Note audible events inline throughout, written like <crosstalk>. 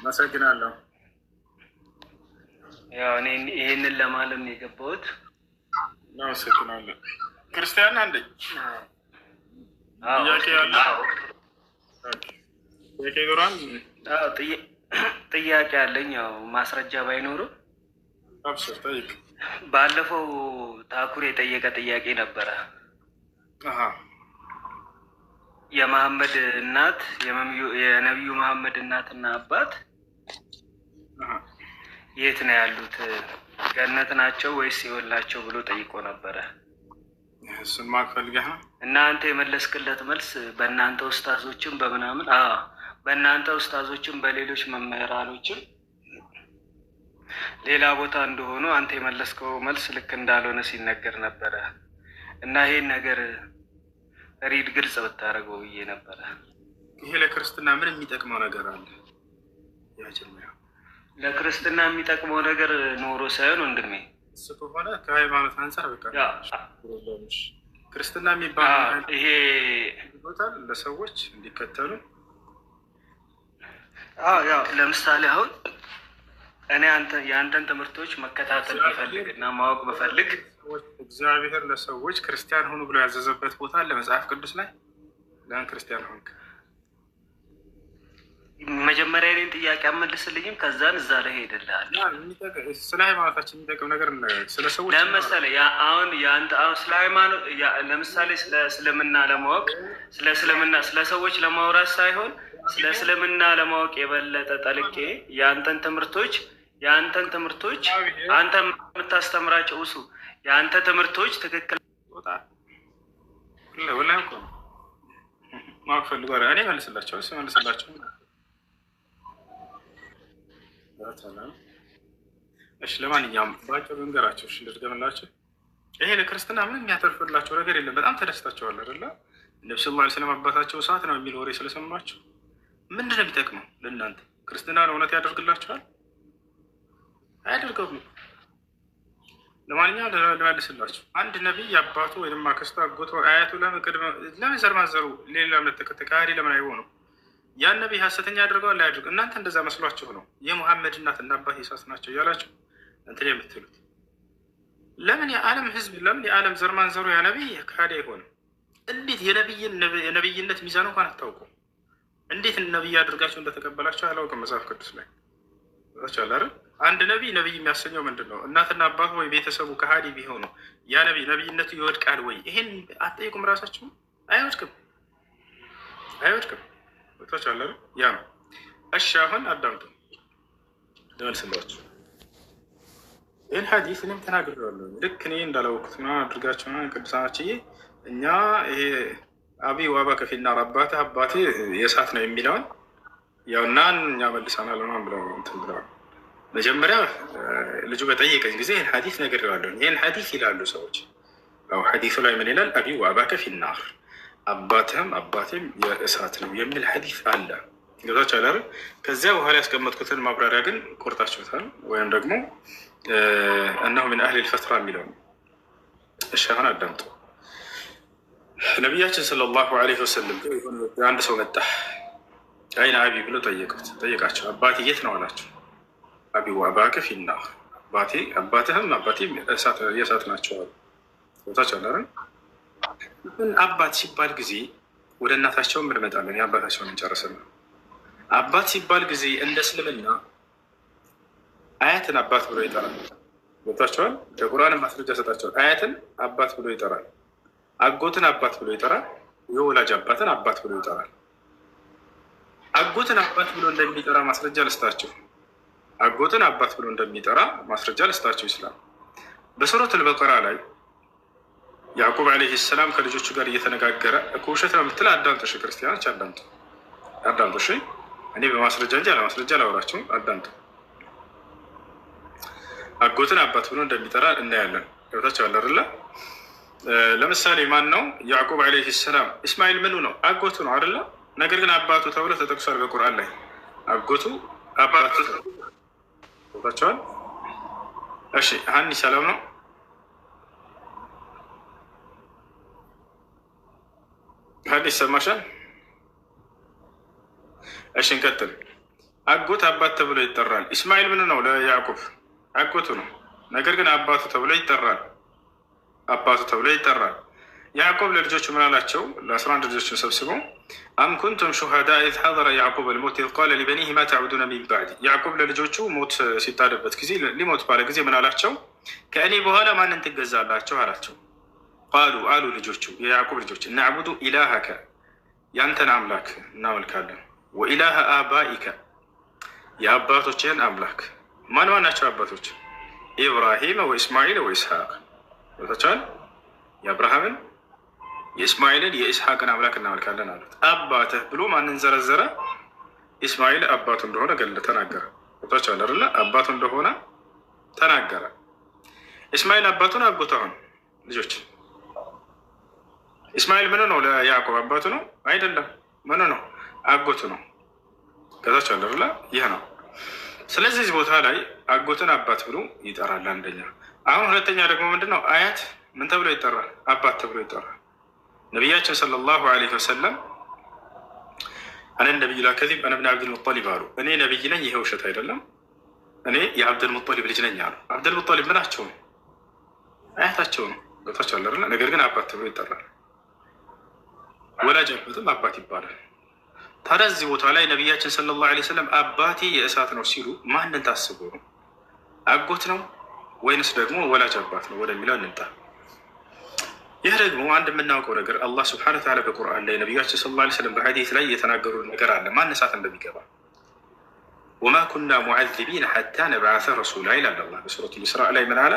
አመሰግናለሁ። ያው እኔ ይህንን ለማለም የገባሁት አመሰግናለሁ። ክርስቲያን አንደኝ ጥያቄ ያለ ጥያቄ አለኝ። ያው ማስረጃ ባይኖርም ባለፈው ታኩር የጠየቀ ጥያቄ ነበረ። የመሐመድ እናት የነቢዩ መሐመድ እናትና አባት የት ነው ያሉት? ገነት ናቸው ወይስ ይወላቸው ብሎ ጠይቆ ነበረ። እሱን ፈልገህ እናንተ የመለስክለት መልስ በእናንተ ውስጣዞችም በምናምን በእናንተ ውስጣዞችም በሌሎች መምህራኖችም ሌላ ቦታ እንደሆኑ አንተ የመለስከው መልስ ልክ እንዳልሆነ ሲነገር ነበረ እና ይሄን ነገር ሪድ ግልጽ ብታደርገው ብዬ ነበረ። ይሄ ለክርስትና ምን የሚጠቅመው ነገር አለ? መጀመሪያ ለክርስትና የሚጠቅመው ነገር ኖሮ ሳይሆን ወንድሜ እሱ ከሆነ ከሃይማኖት አንጻር በቃ ክርስትና የሚባል ይሄ ቦታል ለሰዎች እንዲከተሉ ያው ለምሳሌ አሁን እኔ አንተ የአንተን ትምህርቶች መከታተል ብፈልግ እና ማወቅ ብፈልግ እግዚአብሔር ለሰዎች ክርስቲያን ሆኑ ብሎ ያዘዘበት ቦታ አለ መጽሐፍ ቅዱስ ላይ ለምን ክርስቲያን ሆንክ? መጀመሪያ እኔን ጥያቄ አመልስልኝም። ከዛን እዛ ላይ ሄድልሃል። ስለ ሃይማኖታችን የሚጠቅም ነገር ስለ ሰዎች ለምሳሌ አሁን የአንድ አሁን ስለ ሃይማኖት ለምሳሌ ስለ እስልምና ለማወቅ ስለ እስልምና ስለ ሰዎች ለማውራት ሳይሆን ስለ እስልምና ለማወቅ የበለጠ ጠልቄ የአንተን ትምህርቶች የአንተን ትምህርቶች አንተ የምታስተምራቸው እሱ የአንተ ትምህርቶች ትክክል ላ ማወቅ ፈልጓ እኔ መልስላቸው መልስላቸው እሺ ለማንኛውም በአጭሩ እንገራቸው እሺ፣ እንደርገምላቸው ይሄ ለክርስትና ምንም የሚያተርፍላቸው ነገር የለም። በጣም ተደስታቸዋል አይደለ? ነብስ ላ ስለም አባታቸው ሰዓት ነው የሚል ወሬ ስለሰማችሁ ምንድን የሚጠቅመው ለእናንተ? ክርስትና እውነት ያደርግላቸዋል? አያደርገውም። ለማንኛውም ልመልስላችሁ፣ አንድ ነቢይ አባቱ ወይም አክስቱ፣ አጎቱ፣ አያቱ ለምን ዘር ማንዘሩ ሌላ እምነት ተከታይ ከሃዲ ለምን አይሆንም? ያን ነቢይ ሀሰተኛ ያደርገዋል አያድርግ። እናንተ እንደዛ መስሏችሁ ነው የሙሐመድ እናት እና አባት ኢሳት ናቸው እያላችሁ እንትን የምትሉት ለምን የዓለም ህዝብ ለምን የዓለም ዘርማን ዘሩ ያ ነቢይ ካዲ አይሆንም። እንዴት የነቢይነት ሚዛን እንኳን አታውቁ እንዴት ነቢይ አድርጋቸው እንደተቀበላቸው አላውቅም። መጽሐፍ ቅዱስ ላይ ቻላር አንድ ነቢይ ነቢይ የሚያሰኘው ምንድን ነው? እናትና አባት ወይ ቤተሰቡ ከሃዲ ቢሆኑ ያ ነቢይ ነቢይነቱ ይወድቃል ወይ? ይሄን አትጠይቁም። ራሳችሁ አይወድቅም፣ አይወድቅም ቦታች ያ ነው። እሺ አሁን አዳምጡ፣ ልመልስላችሁ። ይህን ሀዲስ እኔም ተናግሬዋለሁ። ልክ እኔ እንዳላወቅኩት ምናምን አድርጋችሁ ቅዱሳናችዬ እኛ ይሄ አቢ ዋባ ከፊና አባቴ አባቴ የእሳት ነው የሚለውን ያው እናን እኛ መልሰናል ምናምን ብለው እንትን ብለዋል። መጀመሪያ ልጁ በጠየቀኝ ጊዜ ይህን ሀዲስ ነግሬዋለሁ። ይህን ሀዲስ ይላሉ ሰዎች። ሀዲሱ ላይ ምን ይላል? አቢ ዋባ ከፊናር አባትህም አባቴም የእሳት ነው የሚል ሐዲስ አለ። ገዛች አላር ከዚያ በኋላ ያስቀመጥኩትን ማብራሪያ ግን ቆርጣችሁታል ወይም ደግሞ እነሆ ምን አህል ልፈትራ የሚለው እሺ፣ አሁን አዳምጡ። ነቢያችን ሰለላሁ ዐለይሂ ወሰለም አንድ ሰው መጣ። አይን አቢ ብሎ ጠየቁት። ጠየቃቸው አባቴ የት ነው አላቸው። አቢ ወአባከ ፊናር አባቴ አባትህም አባቴም የእሳት ናቸው አሉ። ገዛች አላርን ግን አባት ሲባል ጊዜ ወደ እናታቸውን እንመጣለን። የአባታቸውን እንጨርሳለን። አባት ሲባል ጊዜ እንደ እስልምና አያትን አባት ብሎ ይጠራል። ቦታቸዋል የቁርአን ማስረጃ ሰጣቸዋል። አያትን አባት ብሎ ይጠራል። አጎትን አባት ብሎ ይጠራል። የወላጅ አባትን አባት ብሎ ይጠራል። አጎትን አባት ብሎ እንደሚጠራ ማስረጃ ልስጣቸው። አጎትን አባት ብሎ እንደሚጠራ ማስረጃ ልስታቸው አጎትን አባት ብሎ እንደሚጠራ ማስረጃ ልስታቸው ይችላል በሱረቱል በቀራ ላይ ያዕቁብ ዓለይሂ ሰላም ከልጆቹ ጋር እየተነጋገረ እኮ ውሸት ነው የምትል አዳምጦሽ፣ ክርስቲያኖች አዳምጡ፣ አዳምጦሽ። እኔ በማስረጃ እንጂ አለማስረጃ ላወራቸው፣ አዳምጡ። አጎትን አባት ብሎ እንደሚጠራ እናያለን። ህይወታቸው አለርላ ለምሳሌ ማን ነው ያዕቁብ ዓለይሂ ሰላም? እስማኤል ምኑ ነው? አጎቱ ነው አይደለ? ነገር ግን አባቱ ተብሎ ተጠቅሷል በቁርአን ላይ አጎቱ አባቱ ታቸዋል። እሺ ሀኒ ሰላም ነው በሀዲስ ሰማሻል። እሺ እንቀጥል። አጎት አባት ተብሎ ይጠራል። እስማኤል ምን ነው ለያዕቆብ አጎቱ ነው። ነገር ግን አባቱ ተብሎ ይጠራል። አባቱ ተብሎ ይጠራል። ያዕቆብ ለልጆቹ ምን አላቸው? ለአስራ አንድ ልጆቹ ሰብስበው አም ኩንቱም ሹሃዳ ኢዝ ሐደረ ያዕቁብ ልሞት ኢዝ ቃለ ሊበኒህ ማ ተዕቡዱነ ሚን ባዕድ። ያዕቆብ ለልጆቹ ሞት ሲታደበት ጊዜ ሊሞት ባለ ጊዜ ምን አላቸው? ከእኔ በኋላ ማንን ትገዛላቸው አላቸው ቃሉ አሉ ልጆቹ የያዕቁብ ልጆች እናዕቡዱ ኢላሃከ ያንተን አምላክ እናመልካለን፣ ወኢላሃ አባኢከ የአባቶችህን አምላክ። ማን ማን ናቸው አባቶች? ኢብራሂም ወኢስማኤል ወኢስሐቅ ታቸዋል። የአብርሃምን የእስማኤልን የኢስሐቅን አምላክ እናመልካለን አሉት። አባትህ ብሎ ማንን ዘረዘረ? ኢስማኤል አባቱ እንደሆነ ገለ ተናገረ። ታቸዋል አለ አባቱ እንደሆነ ተናገረ። ኢስማኤል አባቱን አጎታሁን ልጆች እስማኤል ምን ነው? ለያዕቆብ አባቱ ነው አይደለም? ምን ነው? አጎቱ ነው። ከዛች አለ ይህ ነው። ስለዚህ ቦታ ላይ አጎትን አባት ብሎ ይጠራል። አንደኛ። አሁን ሁለተኛ ደግሞ ምንድን ነው? አያት ምን ተብሎ ይጠራል? አባት ተብሎ ይጠራል። ነቢያችን ሰለላሁ ዐለይሂ ወሰለም አነ ነቢዩ ላ ከዚብ አነ ብን አብድልሙጠሊብ አሉ። እኔ ነቢይ ነኝ፣ ይሄ ውሸት አይደለም፣ እኔ የአብድልሙጠሊብ ልጅ ነኝ አሉ። አብድልሙጠሊብ ምናቸው ነው? አያታቸው ነው። ገታቸው አለ። ነገር ግን አባት ተብሎ ይጠራል። ወላጅ አባትም አባት ይባላል። ታዲያ እዚህ ቦታ ላይ ነቢያችን ሰለላሁ ዓለይሂ ወሰለም አባቴ የእሳት ነው ሲሉ ማንን ታስቦ ነው? አጎት ነው ወይንስ ደግሞ ወላጅ አባት ነው ወደሚለው እንምጣ። ይህ ደግሞ አንድ የምናውቀው ነገር አላህ ስብሐነሁ ወተዓላ በቁርአን ላይ ነቢያችን ሰለላሁ ዓለይሂ ወሰለም በሐዲስ ላይ የተናገሩ ነገር አለ ማን እሳት እንደሚገባ ወማ ኩና ሙዓዚቢን ሐታ ነብዓሰ ረሱላ ይላል አላህ በሱረት ልስራ ላይ ምን አለ?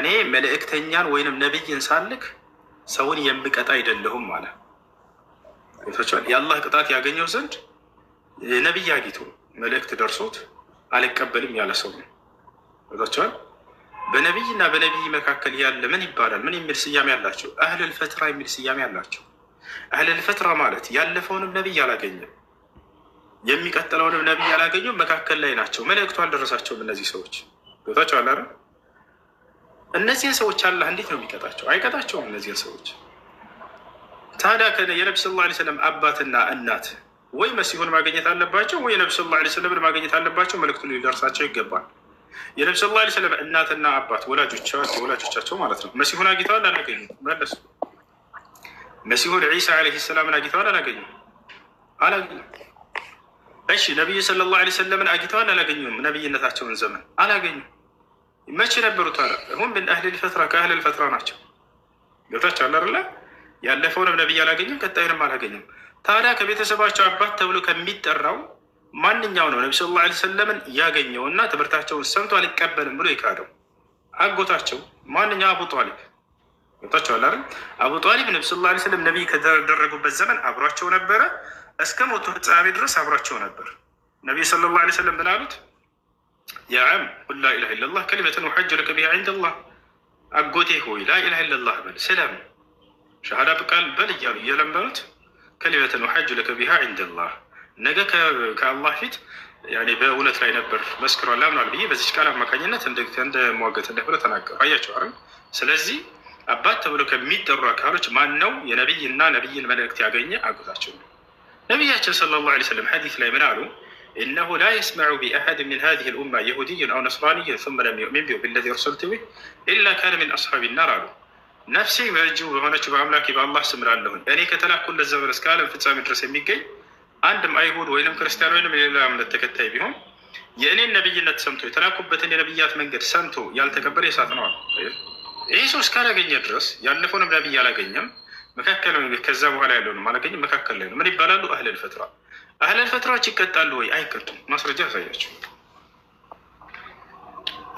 እኔ መልእክተኛን ወይንም ነቢይን ሳልክ ሰውን የምቀጣ አይደለሁም አለ። ይታቸዋል የአላህ ቅጣት ያገኘው ዘንድ ነቢይ አግኝቶ መልእክት ደርሶት አልቀበልም ያለ ሰው ነው። ይታቸዋል በነቢይና በነቢይ መካከል ያለ ምን ይባላል? ምን የሚል ስያሜ አላቸው? አህልል ፈትራ የሚል ስያሜ አላቸው። አህልል ፈትራ ማለት ያለፈውንም ነቢይ አላገኘም፣ የሚቀጥለውንም ነቢይ አላገኙም፣ መካከል ላይ ናቸው። መልእክቱ አልደረሳቸውም። እነዚህ ሰዎች አላረ እነዚህን ሰዎች አላህ እንዴት ነው የሚቀጣቸው? አይቀጣቸውም እነዚህን ሰዎች ታዲያ የነቢ ስ ላ ስለም አባትና እናት ወይ መሲሁን ማግኘት አለባቸው ወይ የነቢ ስ ላ ስለምን ማግኘት አለባቸው። መልእክቱ ሊደርሳቸው ይገባል። የነቢ ስ ላ ስለም እናትና አባት ወላጆቻቸው ማለት ነው። መሲሁን አግኝተዋል አላገኙ? መለሱ። መሲሁን ዒሳ ዓለይሂ ሰላምን አግኝተዋል አላገኙ? አላገኙ። እሺ ነቢዩ ስለ ላ ሰለምን አግኝተዋል አላገኙም? ነቢይነታቸውን ዘመን አላገኙ። መቼ ነበሩት? አላ ሁም ብን አህል ልፈትራ ከአህል ልፈትራ ናቸው። ገብታችኋል አይደለ? ያለፈውንም ነቢይ አላገኘም፣ ቀጣይንም አላገኘም። ታዲያ ከቤተሰባቸው አባት ተብሎ ከሚጠራው ማንኛው ነው ነቢ ሰለላሁ ዐለይሂ ወሰለምን ያገኘው እና ትምህርታቸውን ሰምቶ አልቀበልም ብሎ የካደው? አጎታቸው ማንኛው አቡ ጣሊብ ወጣቸዋል አይደል? አቡ ጣሊብ ነቢ ሰለላሁ ዐለይሂ ወሰለም ነቢይ ከተደረጉበት ዘመን አብሯቸው ነበረ፣ እስከ ሞቱ ፍጻሜ ድረስ አብሯቸው ነበር። ነቢዩ ሰለላሁ ዐለይሂ ወሰለም ምን አሉት? ያም ቁል ላኢላሃ ኢለላህ ከሊመተን ኡሐጅ ለከ ቢሃ ዐንደላህ አጎቴ ሆይ ላኢላሃ ኢለላህ በል ስለም ሸሃዳ በቃል በል እያሉ እየለመኑት ከሊመተን ሐጅ ለከ ዒንደላህ ነገ ከአላህ ፊት በእውነት ላይ ነበር መስክሯል ላምናል ብዬ በዚች ቃል አማካኝነት እንደ እንደሆነ ተናገሩ። አያቸው አይደል? ስለዚህ አባት ተብሎ ከሚጠሩ አካሎች ማን ነው የነቢይና ነቢይን መልእክት ያገኘ አጎታቸው ነው። ነቢያችን ሰለላሁ ዐለይሂ ወሰለም ሐዲስ ላይ ምን አሉ? ኢነሁ ላ የስመዑ ቢአሐድ ምን ሀዚህ ልኡማ የሁድይን አው ነስራንይን ሱመ ለም ዩእሚን ቢሁ ብለዚ እርሰልት ቢህ ኢላ ካነ ምን አስሓቢ ናር አሉ ነፍሴ በእጅ የሆነች በአምላክ በአላህ ስም እላለሁኝ እኔ ከተላኩለት ዘመን እስከ ዓለም ፍጻሜ ድረስ የሚገኝ አንድም አይሁድ ወይም ክርስቲያን ወይም የሌላ እምነት ተከታይ ቢሆን የእኔን ነብይነት ሰምቶ የተላኩበትን የነብያት መንገድ ሰምቶ ያልተቀበለ የሳት ነዋል። ይህ ሰው እስካላገኘ ድረስ ያለፈውንም ነብይ አላገኘም፣ መካከል ከዛ በኋላ ያለውንም አላገኘም፣ መካከል ላይ ነው። ምን ይባላሉ? አህለል ፈትራ። አህለል ፈትራዎች ይቀጣሉ ወይ? አይቀጡም። ማስረጃ ያሳያቸው።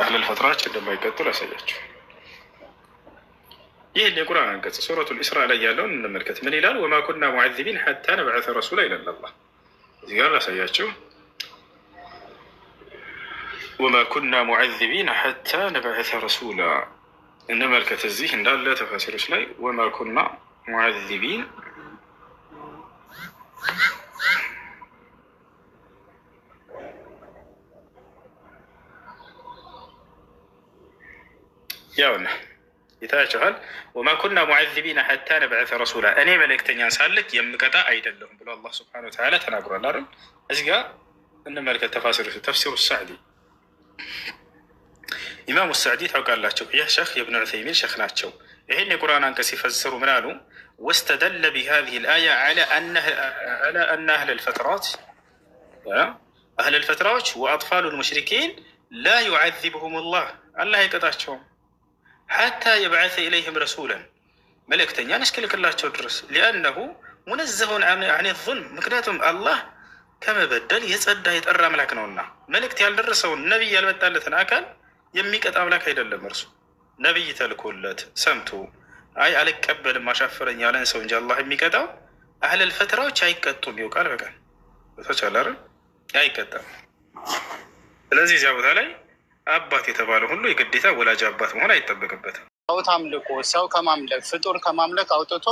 አህለል ፈትራዎች እንደማይቀጡ ያሳያቸው። ይህን የቁርአን አንቀጽ ሱረቱ ልኢስራ ላይ ያለውን እንመልከት። ምን ይላል? ወማ ኩና ሙዓዚቢን ሓታ ነብዓተ ረሱላ ይላል አላህ። እዚህ ጋር ላሳያችሁ። ወማ ኩና ሙዓዚቢን ሓታ ነብዓተ ረሱላ እንመልከት። እዚህ እንዳለ ተፋሲሮች ላይ ወማ ኩና ሙዓዚቢን ያውና ይታያችኋል። ወማ ኩና ሙዓዚቢና ሐታ ነብዐተ ረሱላ እኔ መልእክተኛ ሳልክ የምቀጣ አይደለሁም ብሎ አላህ ስብሐነ ወተዓላ ተናግሯል አይደል? እዚህ ጋር እንመልከት። ተፋሲሩ ተፍሲሩ ሳዕዲ ኢማሙ ሳዕዲ ታውቃላቸው፣ ይህ ሸህ የብን ዑሰይሚን ሸህ ናቸው። ይህን የቁርአን አንቀጽ ሲፈስሩ ምን አሉ? ወስተደለ ቢሃዚህ ልአያ ዐላ አነ አህለል ፈትራት አህለል ፈትራዎች ወአጥፋሉል ሙሽሪኪን ላ ዩዓዚብሁም ላህ አላህ አይቀጣቸውም ሓታ የብዓተ ኢለይህም ረሱለን መልእክተኛን እስክልክላቸው ድረስ ሊአነሁ ሙነዘሁን አን ዙልም ምክንያቱም አላህ ከመበደል የጸዳ የጠራ አምላክ ነውና መልእክት ያልደረሰውን ነቢይ ያልመጣለትን አካል የሚቀጣ አምላክ አይደለም። እርሱ ነቢይ ተልኮለት ሰምቶ አይ አልቀበልም አሻፈረኝ ያለን ሰው እንጂ አላህ የሚቀጣው አህለል ፈትራዎች አይቀጡም። ይው ቃል በቃል አይቀጣም። ስለዚህ እዚያ ቦታ ላይ አባት የተባለ ሁሉ የግዴታ ወላጅ አባት መሆን አይጠበቅበትም። ጣዖት አምልኮ ሰው ከማምለክ ፍጡር ከማምለክ አውጥቶ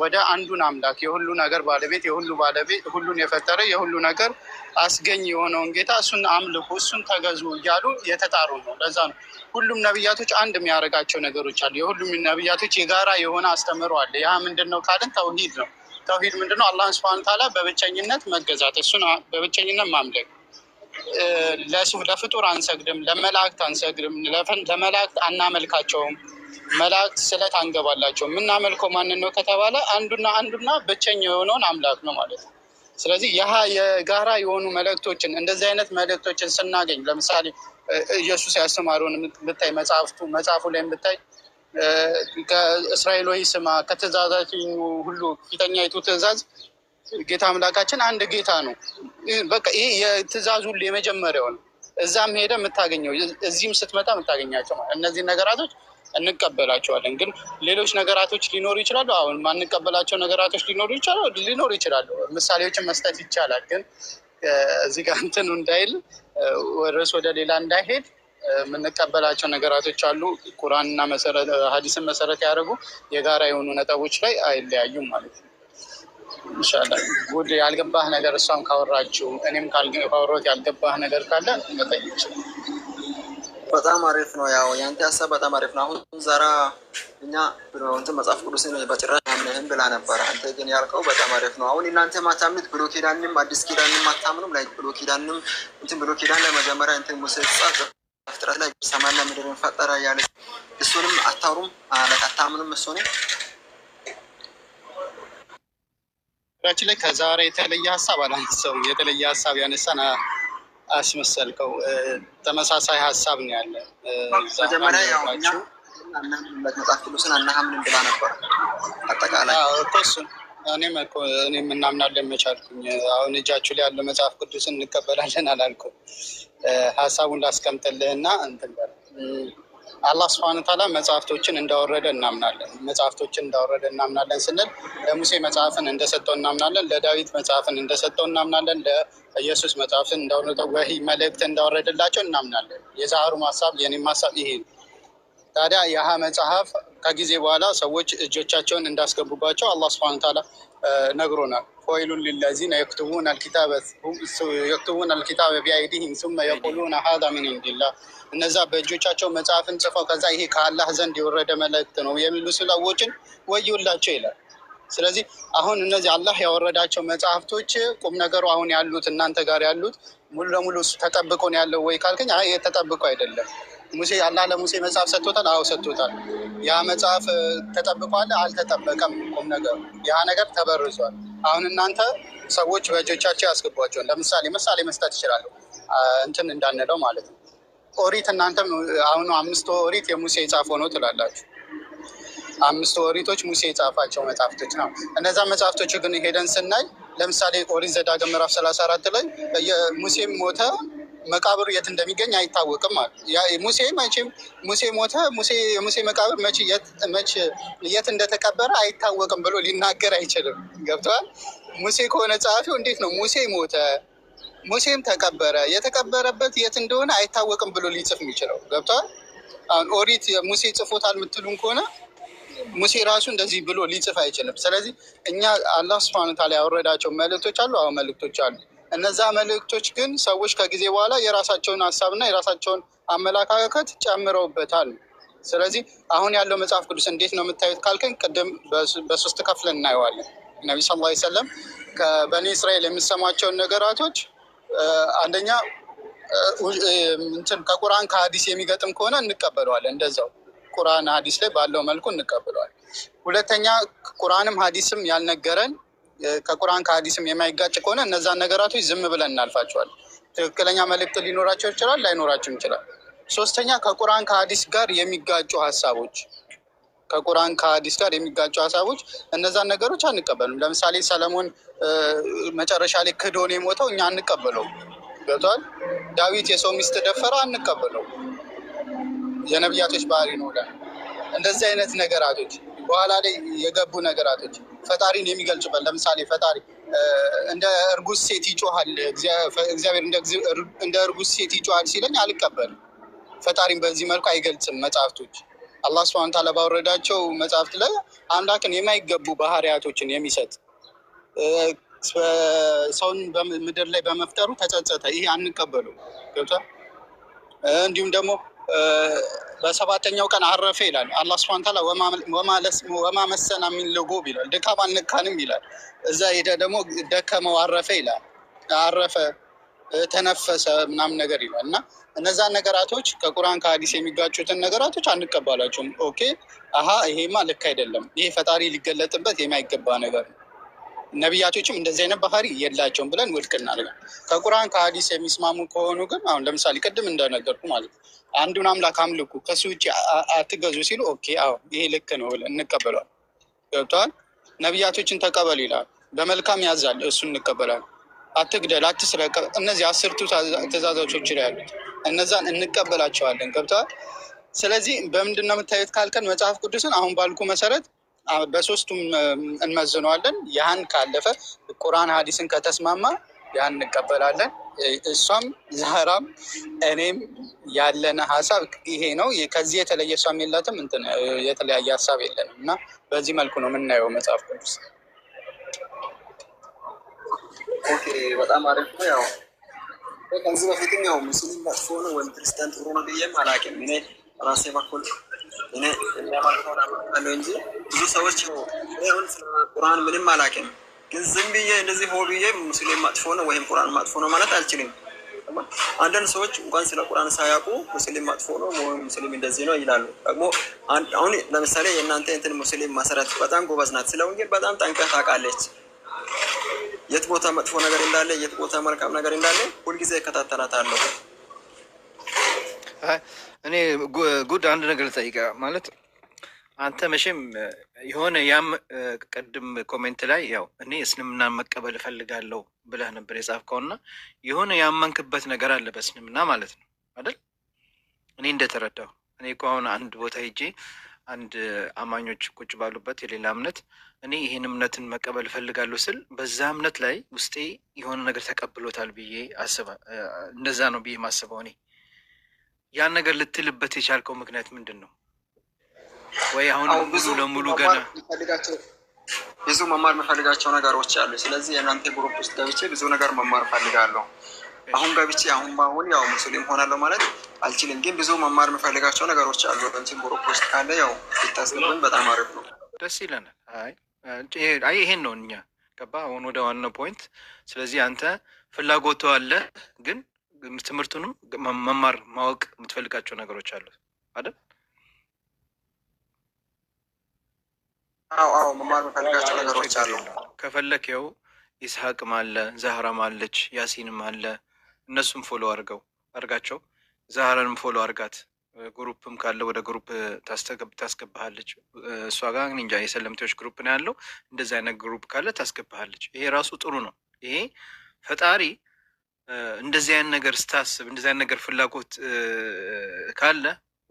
ወደ አንዱን አምላክ የሁሉ ነገር ባለቤት የሁሉ ባለቤት ሁሉን የፈጠረ የሁሉ ነገር አስገኝ የሆነውን ጌታ እሱን አምልኩ፣ እሱን ተገዙ እያሉ የተጣሩ ነው። ለዛ ነው ሁሉም ነብያቶች አንድ የሚያደርጋቸው ነገሮች አሉ። የሁሉም ነብያቶች የጋራ የሆነ አስተምሮ አለ። ያ ምንድን ነው ካልን ተውሂድ ነው። ተውሂድ ምንድን ነው? አላህን ሱብሃነሁ በብቸኝነት መገዛት፣ እሱን በብቸኝነት ማምለክ ለፍጡር አንሰግድም፣ ለመላእክት አንሰግድም፣ ለመላእክት አናመልካቸውም። መላእክት ስለት አንገባላቸው። የምናመልከው ማንን ነው ከተባለ አንዱና አንዱና ብቸኛው የሆነውን አምላክ ነው ማለት ነው። ስለዚህ ያህ የጋራ የሆኑ መልእክቶችን እንደዚህ አይነት መልእክቶችን ስናገኝ ለምሳሌ ኢየሱስ ያስተማረውን ብታይ መጽሐፍቱ መጽሐፉ ላይ ብታይ ከእስራኤል ወይ ስማ ከትእዛዛት ሁሉ ፊተኛይቱ ትእዛዝ ጌታ አምላካችን አንድ ጌታ ነው። በቃ ይሄ የትእዛዙ የመጀመሪያው ነው። እዛም ሄደ የምታገኘው እዚህም ስትመጣ የምታገኛቸው እነዚህ ነገራቶች እንቀበላቸዋለን። ግን ሌሎች ነገራቶች ሊኖሩ ይችላሉ። አሁን ማንቀበላቸው ነገራቶች ሊኖሩ ይችላሉ ሊኖሩ ይችላሉ። ምሳሌዎችን መስጠት ይቻላል። ግን እዚህ ጋር እንትን እንዳይል ወርስ ወደ ሌላ እንዳይሄድ የምንቀበላቸው ነገራቶች አሉ። ቁርአንና ሀዲስን መሰረት ያደረጉ የጋራ የሆኑ ነጥቦች ላይ አይለያዩም ማለት ነው። ኢንሻላህ ጉድ ያልገባህ ነገር እሷም ካወራችሁ እኔም ካወሮት ያልገባህ ነገር ካለ መጠይቅ። በጣም አሪፍ ነው። ያው የአንተ ሀሳብ በጣም አሪፍ ነው። አሁን ዛራ እኛ እንትን መጽሐፍ ቅዱስን በጭራሽ አምንህም ብላ ነበረ። አንተ ግን ያልከው በጣም አሪፍ ነው። አሁን እናንተ ማታምኑት ብሎ ኪዳንም አዲስ ኪዳንም አታምኑም። ላይ ብሎ ኪዳንም እንትን ብሎ ኪዳን ለመጀመሪያ እንትን ሙሴ ጻፍ ፍጥረት ላይ ሰማይና ምድርን ፈጠረ ያለ እሱንም አታውሩም አታምኑም እሱንም ራችን ላይ ከዛሬ የተለየ ሀሳብ አላነሳውም። የተለየ ሀሳብ ያነሳን አስመሰልከው። ተመሳሳይ ሀሳብ ነው ያለ። መጀመሪያ ያው እኛ እናምንበት መጽሐፍ ቅዱስን አናምንም ነበር። አጠቃላይ እኔም እኔም እናምናለን መቻልኩኝ። አሁን እጃችሁ ላይ ያለው መጽሐፍ ቅዱስን እንቀበላለን አላልኩም። ሀሳቡን ላስቀምጥልህና እንትን አላህ ስብሐነ ተዓላ መጽሐፍቶችን እንዳወረደ እናምናለን። መጽሐፍቶችን እንዳወረደ እናምናለን ስንል ለሙሴ መጽሐፍን እንደሰጠው እናምናለን። ለዳዊት መጽሐፍን እንደሰጠው እናምናለን። ለኢየሱስ መጽሐፍን እንዳወረደ ወሂ መልእክት እንዳወረደላቸው እናምናለን። የዛሩ ሀሳብ የኔም ሀሳብ ይሄ ነው። ታዲያ ያሀ መጽሐፍ ከጊዜ በኋላ ሰዎች እጆቻቸውን እንዳስገቡባቸው አላህ ስብሐነሁ ወተዓላ ነግሮናል። ወይሉን ሊለዚነ የክትቡን አልኪታበ ቢአይዲሂም ሱመ የቁሉነ ሀዛ ምን እንዲላ እነዛ በእጆቻቸው መጽሐፍን ጽፈው ከዛ ይሄ ከአላህ ዘንድ የወረደ መልእክት ነው የሚሉ ሰዎችን ወዩላቸው ይላል። ስለዚህ አሁን እነዚህ አላህ ያወረዳቸው መጽሐፍቶች ቁም ነገሩ አሁን ያሉት እናንተ ጋር ያሉት ሙሉ ለሙሉ ተጠብቆን ያለው ወይ ካልከኝ፣ አይ ተጠብቆ አይደለም ሙሴ አላህ ለሙሴ መጽሐፍ ሰጥቶታል። አዎ ሰጥቶታል። ያ መጽሐፍ ተጠብቋል? አልተጠበቀም። ቁም ነገር ያ ነገር ተበርዟል። አሁን እናንተ ሰዎች በእጆቻቸው ያስገቧቸውን ለምሳሌ ምሳሌ መስጠት ይችላሉ። እንትን እንዳንለው ማለት ነው። ኦሪት እናንተም አሁኑ አምስት ኦሪት የሙሴ የጻፈው ነው ትላላችሁ። አምስት ኦሪቶች ሙሴ የጻፋቸው መጽሐፍቶች ነው። እነዛ መጽሐፍቶች ግን ሄደን ስናይ ለምሳሌ ኦሪት ዘዳግም ምዕራፍ ሰላሳ አራት ላይ ሙሴም ሞተ መቃብር የት እንደሚገኝ አይታወቅም። ሙሴ መቼም ሙሴ ሞተ፣ የሙሴ መቃብር መች የት እንደተቀበረ አይታወቅም ብሎ ሊናገር አይችልም። ገብተዋል። ሙሴ ከሆነ ጸሐፊው እንዴት ነው ሙሴ ሞተ፣ ሙሴም ተቀበረ፣ የተቀበረበት የት እንደሆነ አይታወቅም ብሎ ሊጽፍ የሚችለው? ገብተዋል። አሁን ኦሪት ሙሴ ጽፎታል የምትሉን ከሆነ ሙሴ ራሱ እንደዚህ ብሎ ሊጽፍ አይችልም። ስለዚህ እኛ አላህ ስብሐነ ወተዓላ ያወረዳቸው መልእክቶች አሉ። አዎ መልእክቶች አሉ። እነዛ መልእክቶች ግን ሰዎች ከጊዜ በኋላ የራሳቸውን ሀሳብና የራሳቸውን አመለካከት ጨምረውበታል። ስለዚህ አሁን ያለው መጽሐፍ ቅዱስ እንዴት ነው የምታዩት ካልከኝ፣ ቅድም በሶስት ከፍል እናየዋለን። ነቢ ስ ላ ሰለም በኒ እስራኤል የምሰማቸውን ነገራቶች አንደኛ እንትን ከቁርአን ከሀዲስ የሚገጥም ከሆነ እንቀበለዋለን። እንደዛው ቁርአን ሀዲስ ላይ ባለው መልኩ እንቀበለዋለን። ሁለተኛ ቁርአንም ሀዲስም ያልነገረን ከቁርአን ከሀዲስም የማይጋጭ ከሆነ እነዛን ነገራቶች ዝም ብለን እናልፋቸዋል። ትክክለኛ መልእክት ሊኖራቸው ይችላል፣ ላይኖራቸው ይችላል። ሶስተኛ ከቁርአን ከሀዲስ ጋር የሚጋጩ ሀሳቦች ከቁርአን ከሀዲስ ጋር የሚጋጩ ሀሳቦች እነዛን ነገሮች አንቀበሉም። ለምሳሌ ሰለሞን መጨረሻ ላይ ክዶን የሞተው እኛ አንቀበለው ገብቷል። ዳዊት የሰው ሚስት ደፈረ አንቀበለው የነቢያቶች ባህሪ ነው። እንደዚህ አይነት ነገራቶች በኋላ ላይ የገቡ ነገራቶች ፈጣሪን የሚገልጽበት ለምሳሌ ፈጣሪ እንደ እርጉዝ ሴት ይጮሃል፣ እግዚአብሔር እንደ እርጉዝ ሴት ይጮሃል ሲለኝ አልቀበልም። ፈጣሪን በዚህ መልኩ አይገልጽም መጽሐፍቶች። አላህ ስብሐነ ተዓላ ባወረዳቸው መጽሐፍት ላይ አምላክን የማይገቡ ባህሪያቶችን የሚሰጥ ሰውን ምድር ላይ በመፍጠሩ ተጸጸተ። ይሄ አንቀበሉ ገብቷል። እንዲሁም ደግሞ በሰባተኛው ቀን አረፈ ይላል። አላህ ሱብሐነሁ ወተዓላ ወማ መሰና ሚን ልጉብ ይላል። ድካም አልነካንም ይላል። እዛ ሄደ ደግሞ ደከመው አረፈ ይላል። አረፈ ተነፈሰ ምናምን ነገር ይላል እና እነዛን ነገራቶች ከቁርአን ከሀዲስ የሚጋጩትን ነገራቶች አንቀባላቸውም። ኦኬ አሀ ይሄማ ልክ አይደለም፣ ይሄ ፈጣሪ ሊገለጥበት የማይገባ ነገር ነው። ነቢያቶችም እንደዚህ አይነት ባህሪ የላቸውም ብለን ውድቅ እናደርጋል። ከቁርአን ከሀዲስ የሚስማሙ ከሆኑ ግን አሁን ለምሳሌ ቅድም እንደነገርኩ ማለት ነው አንዱን አምላክ አምልኩ ከሱ ውጭ አትገዙ ሲሉ ኦኬ፣ አዎ ይሄ ልክ ነው እንቀበለዋል። ገብተዋል። ነቢያቶችን ተቀበሉ ይላል፣ በመልካም ያዛል፣ እሱ እንቀበላል። አትግደል፣ አትስረቅ፣ እነዚህ አስርቱ ትእዛዛቾች ላይ ያሉት እነዛን እንቀበላቸዋለን። ገብተዋል። ስለዚህ በምንድን ነው የምታዩት ካልከን መጽሐፍ ቅዱስን አሁን ባልኩ መሰረት በሶስቱም እንመዝነዋለን። ያህን ካለፈ ቁርአን ሀዲስን ከተስማማ ያህን እንቀበላለን። እሷም ዛራም እኔም ያለን ሀሳብ ይሄ ነው። ከዚህ የተለየ እሷም የላትም የተለያየ ሀሳብ የለንም እና በዚህ መልኩ ነው የምናየው መጽሐፍ ቅዱስ። በጣም አሪፍ ነው። ያው ከዚህ በፊትም ያው ሙስሊም መጥፎ ነው ወይም ክርስቲያን ጥሩ ነው ብዬም አላውቅም እኔ ራሴ በኩል እኔ የሚያመልከውን እንጂ ብዙ ሰዎች ሁን ቁርአን ምንም አላውቅም፣ ግን ዝም ብዬ እንደዚህ ሆ ብዬ ሙስሊም ማጥፎ ነው ወይም ቁርአን ማጥፎ ነው ማለት አልችልም። አንዳንድ ሰዎች እንኳን ስለ ቁርአን ሳያውቁ ሙስሊም ማጥፎ ነው ወይም ሙስሊም እንደዚህ ነው ይላሉ። ደግሞ አሁን ለምሳሌ የእናንተ እንትን ሙስሊም መሰረት በጣም ጎበዝ ናት፣ ስለ ወንጌል በጣም ጠንቅቃ ታውቃለች። የት ቦታ መጥፎ ነገር እንዳለ፣ የት ቦታ መልካም ነገር እንዳለ ሁልጊዜ እከታተላታለሁ። እኔ ጉድ አንድ ነገር ልጠይቀ ማለት አንተ መቼም የሆነ ያም ቅድም ኮሜንት ላይ ያው እኔ እስልምናን መቀበል እፈልጋለሁ ብለህ ነበር የጻፍከውና የሆነ ያመንክበት ነገር አለ በእስልምና ማለት ነው አይደል? እኔ እንደተረዳው እኔ እኮ አሁን አንድ ቦታ ሄጄ አንድ አማኞች ቁጭ ባሉበት የሌላ እምነት እኔ ይህን እምነትን መቀበል እፈልጋለሁ ስል በዛ እምነት ላይ ውስጤ የሆነ ነገር ተቀብሎታል ብዬ አስበ እንደዛ ነው ብዬ ማስበው እኔ ያን ነገር ልትልበት የቻልከው ምክንያት ምንድን ነው? ወይ አሁን ሙሉ ለሙሉ ገና ብዙ መማር የምፈልጋቸው ነገሮች አሉ። ስለዚህ የእናንተ ግሩፕ ውስጥ ገብቼ ብዙ ነገር መማር ፈልጋለሁ። አሁን ገብቼ አሁን በአሁን ያው ሙስሊም ሆናለሁ ማለት አልችልም፣ ግን ብዙ መማር የምፈልጋቸው ነገሮች አሉ። በንቲም ግሩፕ ውስጥ ካለ ያው ይታስብን፣ በጣም አሪፍ ነው፣ ደስ ይለናል። አይ ይሄን ነው እኛ ገባ አሁን ወደ ዋናው ፖይንት። ስለዚህ አንተ ፍላጎቱ አለ ግን ትምህርቱንም መማር ማወቅ የምትፈልጋቸው ነገሮች አሉ አይደል? አዎ አዎ፣ መማር የምፈልጋቸው ነገሮች አሉ። ከፈለከው ይስሐቅም አለ፣ ዛህራም አለች፣ ያሲንም አለ። እነሱም ፎሎ አድርገው አድርጋቸው። ዛህራንም ፎሎ አድርጋት። ግሩፕም ካለ ወደ ግሩፕ ታስገብሃለች። እሷ ጋር እንጃ የሰለምቴዎች ግሩፕ ነው ያለው። እንደዚ አይነት ግሩፕ ካለ ታስገብሃለች። ይሄ ራሱ ጥሩ ነው። ይሄ ፈጣሪ እንደዚህ አይነት ነገር ስታስብ እንደዚህ አይነት ነገር ፍላጎት ካለ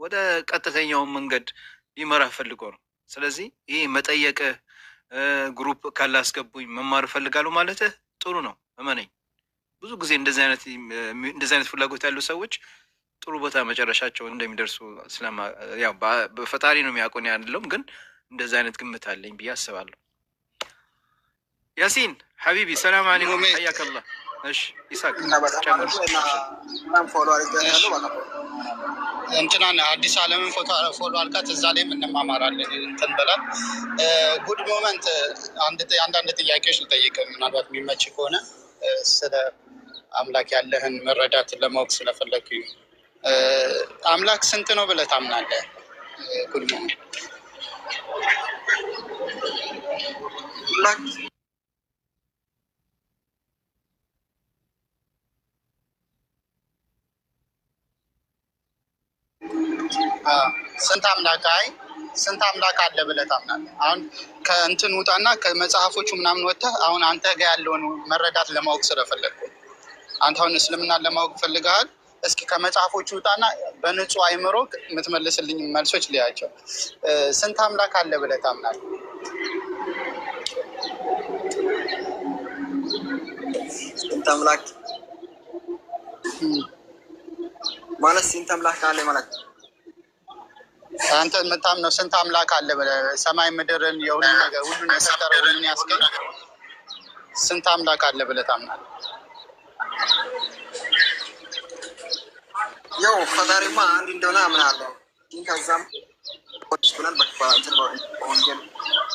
ወደ ቀጥተኛውን መንገድ ሊመራ ፈልጎ ነው። ስለዚህ ይህ መጠየቅ ግሩፕ ካላስገቡኝ መማር እፈልጋለሁ ማለትህ ጥሩ ነው። እመነኝ፣ ብዙ ጊዜ እንደዚህ አይነት ፍላጎት ያሉ ሰዎች ጥሩ ቦታ መጨረሻቸው እንደሚደርሱ በፈጣሪ ነው የሚያውቁን ያለውም፣ ግን እንደዚህ አይነት ግምት አለኝ ብዬ አስባለሁ። ያሲን ሐቢቢ ሰላም አለይኩም፣ ሐያከላ እሺ ይሳቅ እንትናን አዲስ አለምን ፎሎ አልካት እዛ ላይም እንማማራለን። እንትን በላት ጉድ ሞመንት። አንዳንድ ጥያቄዎች ልጠይቅ ምናልባት የሚመች ከሆነ ስለ አምላክ ያለህን መረዳት ለማወቅ ስለፈለግ አምላክ ስንት ነው ብለህ ታምናለህ? ጉድ ሞመንት ስንት አምላክ አይ ስንት አምላክ አለ ብለህ ታምናለህ? አሁን ከእንትን ውጣና ከመጽሐፎቹ ምናምን ወጥተህ አሁን አንተ ጋ ያለውን መረዳት ለማወቅ ስለፈለግኩ አንተ አሁን እስልምና ለማወቅ ፈልገሃል። እስኪ ከመጽሐፎቹ ውጣና በንጹህ አይምሮ የምትመልስልኝ መልሶች ሊያቸው። ስንት አምላክ አለ ብለህ ታምናለህ? ስንት አምላክ ማለት ስንት አምላክ አለ ማለት ነው አንተ የምታምነው ስንት አምላክ አለ ብለህ ሰማይ ምድርን የሁሉ ነገር ሁሉን የፈጠረው ሁሉን ያስገኝ ስንት አምላክ አለ ብለህ ታምናለህ? ያው ፈጣሪማ አንድ እንደሆነ አምናለሁ። ከዛም ብለን በወንጌል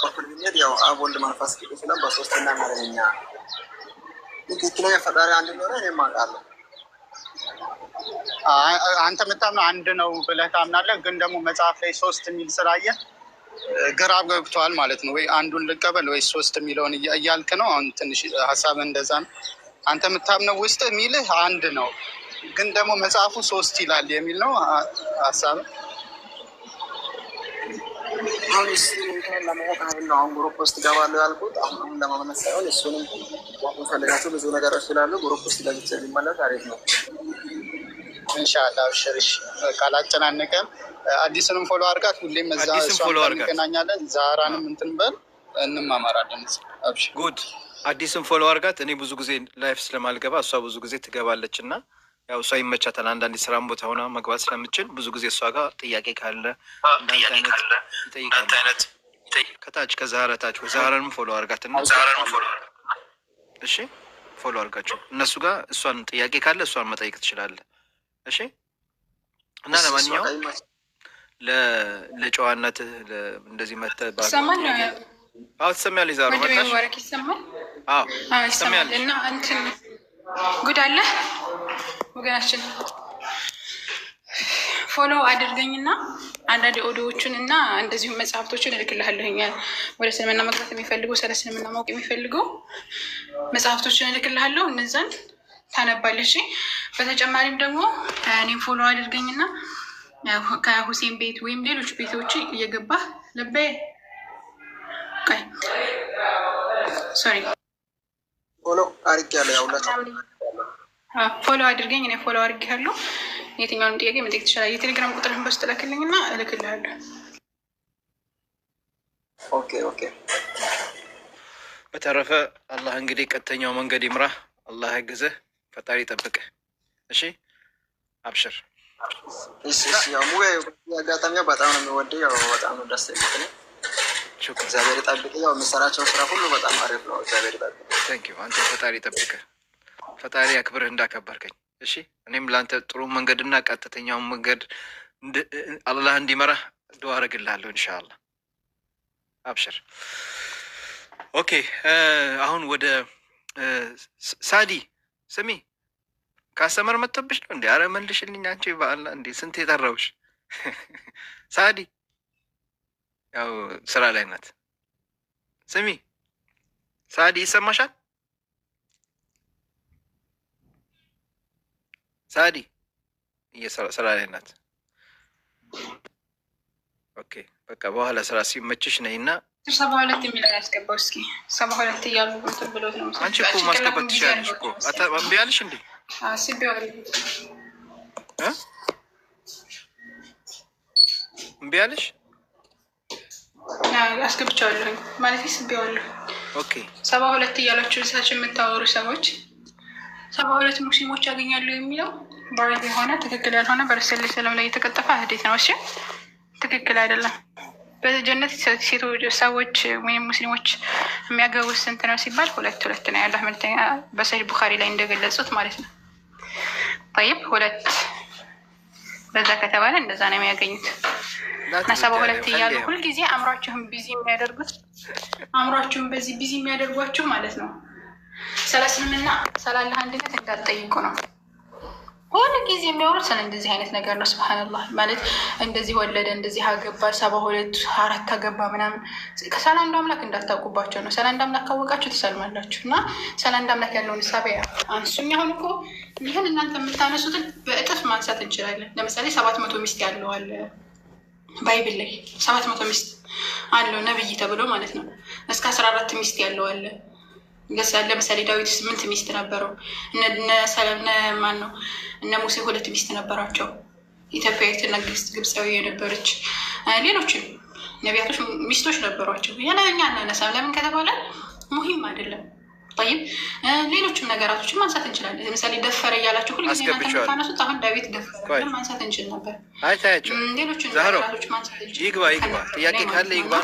በኩል ብንሄድ ያው አብ ወልድ መንፈስ ቅዱስ ብለን በሶስተኛ መደበኛ ትክክለኛ ፈጣሪ አንድ እንደሆነ እኔም አውቃለሁ። አንተ የምታምነው አንድ ነው ብለህ ታምናለህ፣ ግን ደግሞ መጽሐፍ ላይ ሶስት የሚል ስላየ ግራ ገብቶሃል ማለት ነው። ወይ አንዱን ልቀበል ወይ ሶስት የሚለውን እያልክ ነው። አሁን ትንሽ ሀሳብ እንደዛ ነው። አንተ የምታምነው ውስጥ የሚልህ አንድ ነው፣ ግን ደግሞ መጽሐፉ ሶስት ይላል የሚል ነው ሀሳብ። አሁን እሱን አሁን ነው አሁን ግሩፕ ውስጥ ገባለሁ ያልኩት አሁን ለማመነት ሳይሆን እሱንም ፈልጋቸው ብዙ ነገሮች ስላሉ ግሩፕ ውስጥ ለብቻ ሊመለስ አሪፍ ነው። እንሻላ ሽርሽ ካላጨናነቀም አዲስንም ፎሎ አርጋት ሁሌም እዛ እንገናኛለን። ዛራንም እንትንበል በል እንማማራለን። ጉድ አዲስን ፎሎ አርጋት። እኔ ብዙ ጊዜ ላይፍ ስለማልገባ እሷ ብዙ ጊዜ ትገባለች እና ያው እሷ ይመቻታል። አንዳንድ ስራም ቦታ ሆና መግባት ስለምችል ብዙ ጊዜ እሷ ጋር ጥያቄ ካለ ከታች ከዛህረ ታች ዛህረንም ፎሎ አርጋት እና እሺ ፎሎ አርጋቸው እነሱ ጋር እሷን ጥያቄ ካለ እሷን መጠየቅ ትችላለህ። እሺ። እና ለማንኛውም ለጨዋነት እንደዚህ መተ ትሰሚያለሽ፣ ዛሬ ወረክ ይሰማል ይሰማል። እና እንትን ጉድ አለ ወገናችን ፎሎ አድርገኝና አንዳንድ ኦዲዎቹን እና እንደዚሁም መጽሐፍቶችን እልክልሃለሁኛል። ወደ ስልምና መግባት የሚፈልጉ ስለ ስልምና ማወቅ የሚፈልጉ መጽሐፍቶችን እልክልሃለሁ እነዛን ታነባለች። በተጨማሪም ደግሞ እኔ ፎሎ አድርገኝና ከሁሴን ቤት ወይም ሌሎች ቤቶች እየገባ ልበ ሶሪ ፎሎ አድርግ ፎሎ አድርገኝ። እኔ ፎሎ አድርግ ያለው የትኛውንም ጥያቄ መጠየቅ ትችላለህ። የቴሌግራም ቁጥርህን በውስጥ ላክልኝና እልክልሃለሁ። ኦኬ ኦኬ። በተረፈ አላህ እንግዲህ ቀጥተኛው መንገድ ይምራህ። አላህ ያግዘህ። ፈጣሪ ጠብቅ። እሺ አብሽር። አጋጣሚ በጣም ነው የሚወደ በጣም ደስ የሚል እግዚአብሔር ጠብቅ። ያው የምሰራቸው ስራ ሁሉ በጣም አሪፍ ነው። እግዚአብሔር ጠብቅ። ታንክ ዩ። አንተ ፈጣሪ ጠብቅ። ፈጣሪ አክብርህ እንዳከበርከኝ። እሺ እኔም ለአንተ ጥሩ መንገድና ቀጥተኛውን መንገድ አላህ እንዲመራ ዱዓ አደርግልሃለሁ ኢንሻአላህ። አብሽር። ኦኬ አሁን ወደ ሳዲ ስሚ ካስተመር መጥቶብሽ ነው እንዴ? አረ መልሽልኝ አንቺ በአላ እንዴ! ስንት የጠራውሽ <laughs> ሳዲ ያው ስራ ላይ ናት። ስሚ ሳዲ ይሰማሻል? ሳዲ ስራ ላይ ናት። ኦኬ በቃ በኋላ ስራ ሲመችሽ ነይና ሰባ ሁለት የሚል ያስገባው እስኪ ሰባ ሁለት እያሉ እንትን ብሎት ነው። አንቺ እኮ ማስገባት ትችያለሽ እኮ እንዴ? ማለት ኦኬ ሰባ ሁለት እያላችሁ እሳችን የምታወሩ ሰዎች ሰባ ሁለት ሙስሊሞች ያገኛሉ የሚለው ባሪ የሆነ ትክክል ያልሆነ በረሰሌ ሰለም ላይ የተቀጠፈ አህዴት ነው። እሺ ትክክል አይደለም። በጀነት ሴቱ ሰዎች ወይም ሙስሊሞች የሚያገቡት ስንት ነው ሲባል ሁለት ሁለት ነው ያለው። መልተኛ በሰሂህ ቡኻሪ ላይ እንደገለጹት ማለት ነው። ይብ ሁለት በዛ ከተባለ እንደዛ ነው የሚያገኙት እና ሰባ ሁለት እያሉ ሁልጊዜ አእምሯችሁን ቢዚ የሚያደርጉት አእምሯችሁን በዚህ ቢዚ የሚያደርጓችሁ ማለት ነው። ስለ እስልምና አንድነት እንዳትጠይቁ ነው። ሆነ ጊዜ የሚያወሩትን እንደዚህ አይነት ነገር ነው። ስብሓንላህ ማለት እንደዚህ ወለደ፣ እንደዚህ አገባ፣ ሰባ ሁለት አራት አገባ ምናምን ከሰላ አንድ አምላክ እንዳታውቁባቸው ነው። ሰላ አንድ አምላክ ካወቃችሁ ትሰልማላችሁ። እና ሰላ አምላክ ያለውን ሳቢያ አንሱኝ። አሁን እኮ ይህን እናንተ የምታነሱትን በእጥፍ ማንሳት እንችላለን። ለምሳሌ ሰባት መቶ ሚስት ያለዋል ባይብል ላይ ሰባት መቶ ሚስት አለው ነብይ ተብሎ ማለት ነው። እስከ አስራ አራት ሚስት ያለዋለ ለምሳሌ ዳዊት ስምንት ሚስት ነበረው። እነ ማን ነው? እነ ሙሴ ሁለት ሚስት ነበራቸው። ኢትዮጵያዊት ንግስት ግብፃዊ የነበረች ሌሎችም ነቢያቶች ሚስቶች ነበሯቸው። ያለኛ አናነሳም። ለምን ከተባለ ሙሂም አይደለም። ይም ሌሎችም ነገራቶችን ማንሳት እንችላለን። ለምሳሌ ደፈረ እያላቸው ሁል ጊዜ ታነሱት። አሁን ዳዊት ደፈረ ማንሳት እንችል ነበር። ሌሎችን ነገራቶች ማንሳት እንችል ይግባ ይግባ ጥያቄ ካለ ይግባ